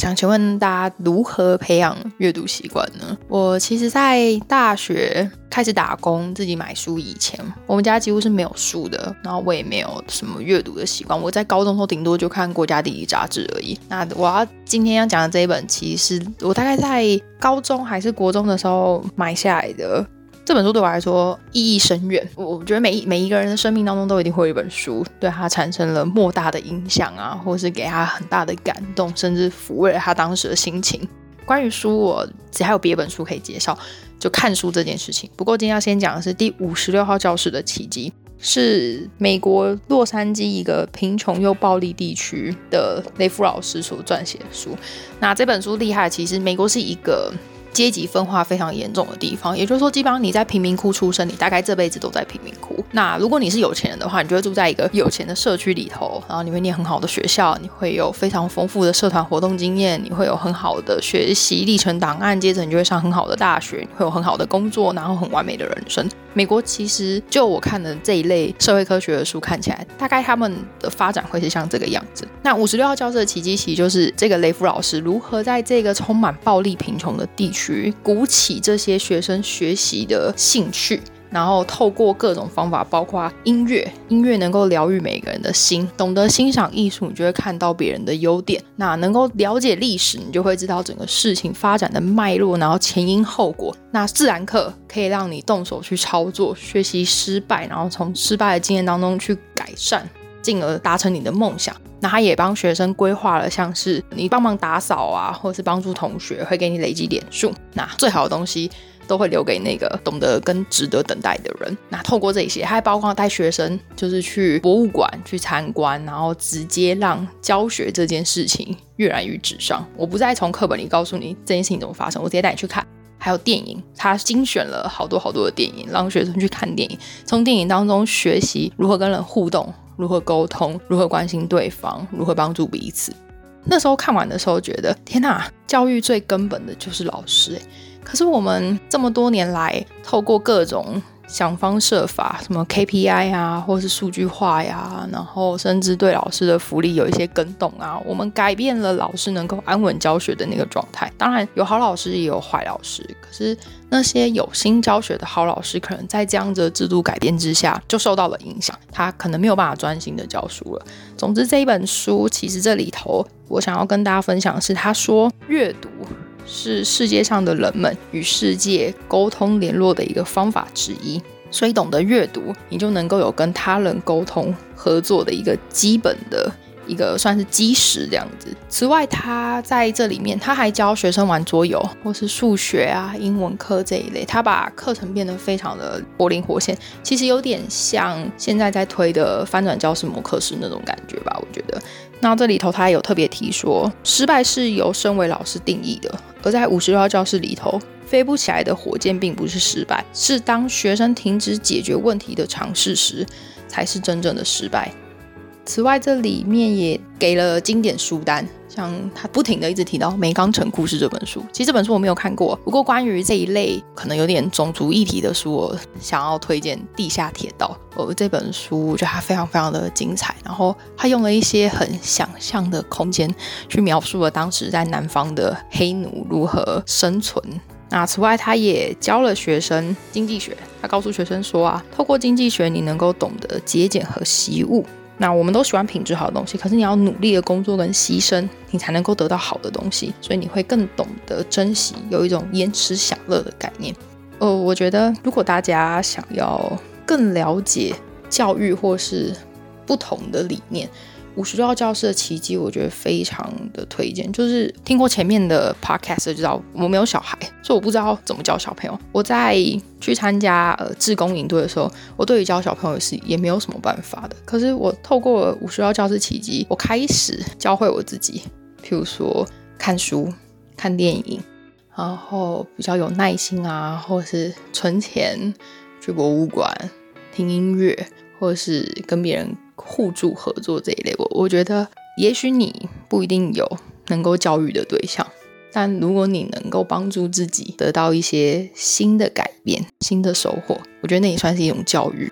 想請問大家如何培養閱讀習慣呢？我其實在大學開始打工、自己買書以前，我們家幾乎是沒有書的，然後我也沒有什麼閱讀的習慣。我在高中的時候頂多就看《國家地理》雜誌而已。那我要今天要講的這一本，其實我大概在高中還是國中的時候買下來的。這本書對我來說意義深遠。我覺得每一每一個人的生命當中都一定會有一本書，對他產生了莫大的影響啊，或是給他很大的感動，甚至撫慰了他當時的心情。關於書我，我只還有別本書可以介紹，就看書這件事情。不過今天要先講的是《第五十六號教室的奇蹟》，是美國洛杉磯一個貧窮又暴力地區的雷夫老師所撰寫的書。那這本書厲害，其實美國是一個。階級分化非常嚴重的地方，也就是說，基本上你在貧民窟出生，你大概這輩子都在貧民窟。那如果你是有錢人的話，你就會住在一個有錢的社區裡頭，然後你會念很好的學校，你會有非常豐富的社團活動經驗，你會有很好的學習歷程檔案，接着你就會上很好的大學，你會有很好的工作，然後很完美的人生。美國其實就我看的這一類社會科學的書，看起來大概他們的發展會是像這個樣子。那五十六號教室的奇蹟，其實就是這個雷夫老師如何在這個充滿暴力、貧窮的地區，鼓起這些學生學習的興趣。然後透過各種方法，包括音樂，音樂能夠療癒每個人的心。懂得欣賞藝術，你就會看到別人的優點。那能夠了解歷史，你就會知道整個事情發展的脈絡，然後前因後果。那自然課可以讓你動手去操作，學習失敗，然後從失敗的經驗當中去改善，進而達成你的夢想。那他也幫學生規劃了，像是你幫忙打掃啊，或是幫助同學，會給你累積點數。那最好的東西。都會留給那個懂得跟值得等待的人。那透過這些，還包括帶學生就是去博物館去參觀，然後直接讓教學這件事情躍然於紙上。我不再從課本裡告訴你這件事情怎麼發生，我直接帶你去看。還有電影，他精選了好多好多的電影，讓學生去看電影，從電影當中學習如何跟人互動，如何溝通，如何關心對方，如何幫助彼此。那時候看完的時候，覺得天哪，教育最根本的就是老師欸。可是我們這麼多年來，透過各種想方設法，什麼 KPI 啊，或是數據化呀、啊，然後甚至對老師的福利有一些更動啊，我們改變了老師能夠安穩教學的那個狀態。當然有好老師也有壞老師，可是那些有心教學的好老師，可能在這樣的制度改變之下，就受到了影響，他可能沒有辦法專心的教書了。總之這一本書，其實這裡頭我想要跟大家分享的是，他說閱讀。是世界上的人們與世界溝通聯絡的一個方法之一，所以懂得閱讀，你就能夠有跟他人溝通合作的一個基本的一個算是基石這樣子。此外，他在這裡面他還教學生玩桌遊或是數學啊、英文課這一類，他把課程變得非常的活靈活現，其實有點像現在在推的翻轉教室、慕課式那種感覺吧。我那這裡頭，他還有特別提說，失敗是由身為老師定義的，而在五十六號教室裡頭，飛不起來的火箭並不是失敗，是當學生停止解決問題的嘗試時，才是真正的失敗。此外，這裡面也給了經典書單，像他不停地一直提到《梅岡城故事》這本書。其實這本書我沒有看過，不過關於這一類可能有點種族議題的書，我想要推薦《地下鐵道》哦。呃，這本書我覺得它非常非常的精彩。然後他用了一些很想象的空間，去描述了當時在南方的黑奴如何生存。那此外，他也教了學生經濟學。他告訴學生說啊，透過經濟學，你能夠懂得節儉和惜物。那我們都喜歡品質好的東西，可是你要努力的工作跟犧牲，你才能夠得到好的東西，所以你會更懂得珍惜，有一種延遲享樂的概念。呃，我覺得如果大家想要更了解教育或是不同的理念。五十六號教室的奇蹟，我覺得非常的推薦。就是聽過前面的 podcast 就知道，我沒有小孩，所以我不知道怎麼教小朋友。我在去參加呃志工營隊的時候，我對於教小朋友是也沒有什麼辦法的。可是我透過五十六號教室奇蹟，我開始教會我自己，譬如說看書、看電影，然後比較有耐心啊，或者是存錢去博物館、聽音樂，或者是跟別人互助合作這一類，我我覺得，也許你不一定有能夠教育的對象，但如果你能夠幫助自己得到一些新的改變、新的收穫，我覺得那也算是一種教育。